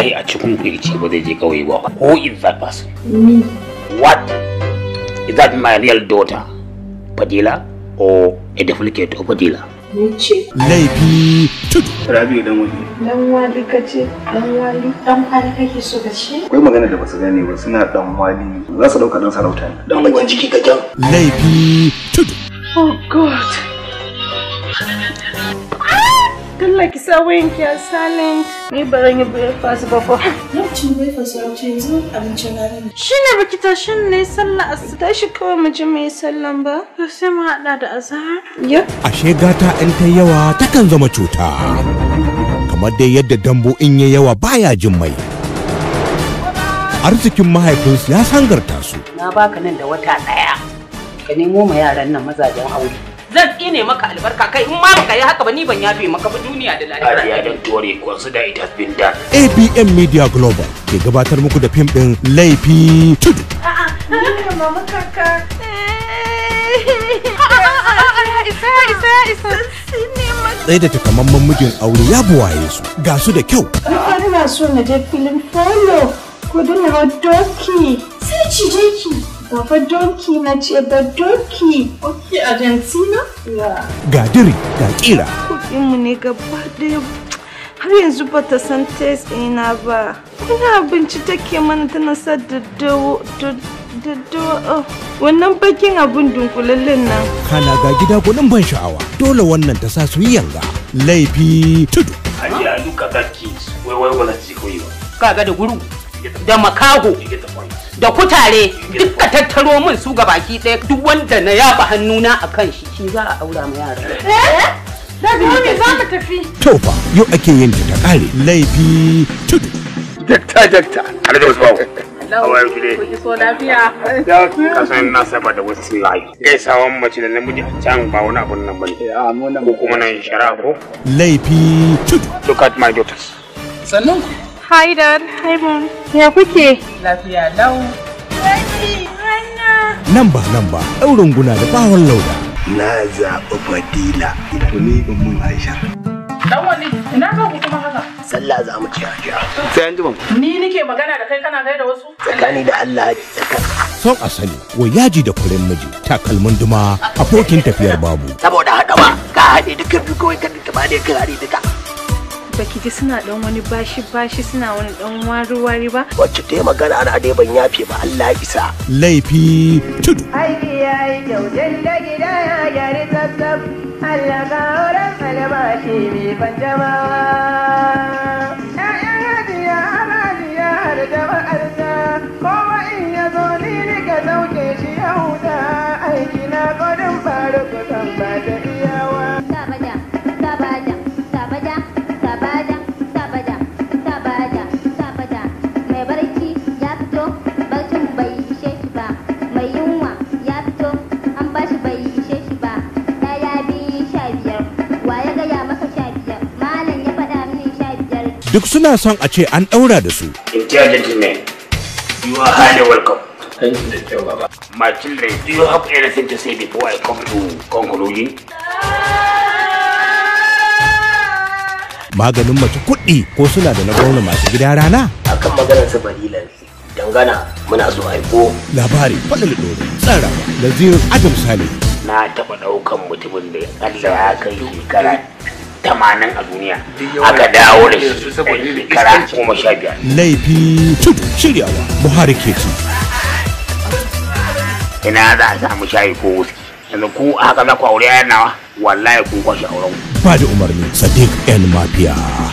waye a cikin ku yace ba zai je kauye ba who is that person me what is that my real daughter fadila or a duplicate of fadila ce laifi tudu rabiu dan wani dan wali kace dan wali dan wali kake so ka ce akwai magana da basu gane ba suna dan wali za su dauka dan sarauta ne dan bakin jiki ka jan laifi tudu oh god Dalla ki sa wayan ki a silent. Ni ba zan yi breakfast ba ko. Lokacin breakfast ya wuce yanzu abincin rana ne. Shi ne baki tashin ne sallah asu tashi kawai mu ji mai sallan ba. To sai mu da azahar. Ashe gata in ta yawa takan zama cuta. Kamar dai yadda dambu in ya yawa baya jin mai. Arzikin mahaifinsu ya sangarta su. Na baka nan da wata daya, Ka nemo ma yaran nan mazajen aure. zan tsine maka albarka kai in ma baka yi haka ba ni ban yafe maka ba duniya da lahira ya dan tuware consider it has been done ABM Media Global ke gabatar muku da fim din laifi tudu a'a ni mama kaka tsaye da takamamman mijin aure ya buwaye su ga su da kyau ina so na je filin folo ko don na doki sai je ki Wafa doki na ce da doki. Ok, Argentina? Ya. Ga diri ga kira. Kuɗinmu ne gaba ɗaya har yanzu ba ta san test ɗina ba. Wani abinci take mana tana sa daddawo daddawo. Oh, wannan bakin abin dunkulallen nan. Kana ga gida gwanin ban sha'awa. Dole wannan ta sa su yi yanga. Laifi tudu. Ajiya duka ga kids. Wai wai wala ci koyi ba. Kaga da guru. Da makaho. da kutare duka tattaro min su ga baki ɗaya duk wanda na yaba hannuna a kan shi shi za a aura ma yara. Da biyu za ka tafi. Tofa yau ake yin ta ƙare laifi tudu. Dakta dakta. Alhaji Usman. How are you today? Kuji so lafiya. Da kasan na saba da wasu layi. sawon mace da namiji a can ba wani abun nan bane. Ya mu nan ko kuma nan shara ko? Laifi tudu. Look at my daughters. Sannan ku. Hi dad, hi mom. Ya kuke? Lafiya lau. Rani! rana. Nan ba nan ba, ɗaurin guna da bawon lauda. Na zaɓi fadila. Ita ne mun Aisha. Dan wani, ina zo ku kuma haka? Sallah za mu ci haka. Sai an jima. Ni nike magana da kai kana da wasu? Tsakani da Allah Son asali, wai yaji da kuren miji, takalmin duma, abokin tafiyar babu. Saboda haɗawa, ka haɗe duka biyu kawai ka duka ba ne ka haɗe duka. baki ji suna dan wani bashi bashi suna wani dan wari wari ba wacce ta magana ana dai ban yafe ba Allah isa laifi tudu aiki yayi kyaujin da gida ya gari tsaf Allah ka horar albashi mai fantamawa duk suna son a ce an ɗaura da su. In Intelligent men, you are highly welcome. Thank you, Baba. My children, do you have anything to say before I come to conclusion? Maganin mace kuɗi ko suna da na gwamna masu gida rana? A kan maganar sa barila ne. Dangana muna so aiko. Labari faɗin ɗoro tsara da zirin Adam Sale. Na taɓa ɗaukan mutumin da Allah ya kai shekara tamanin a duniya aka dawo da shi shekara goma sha biyar. laifi tudu shiryawa buhari keki ina za a samu shayi ko wuski yanzu ku haka za ku aure yana nawa wallahi kun kwashe auren ba da umarni sadiq yan mafiya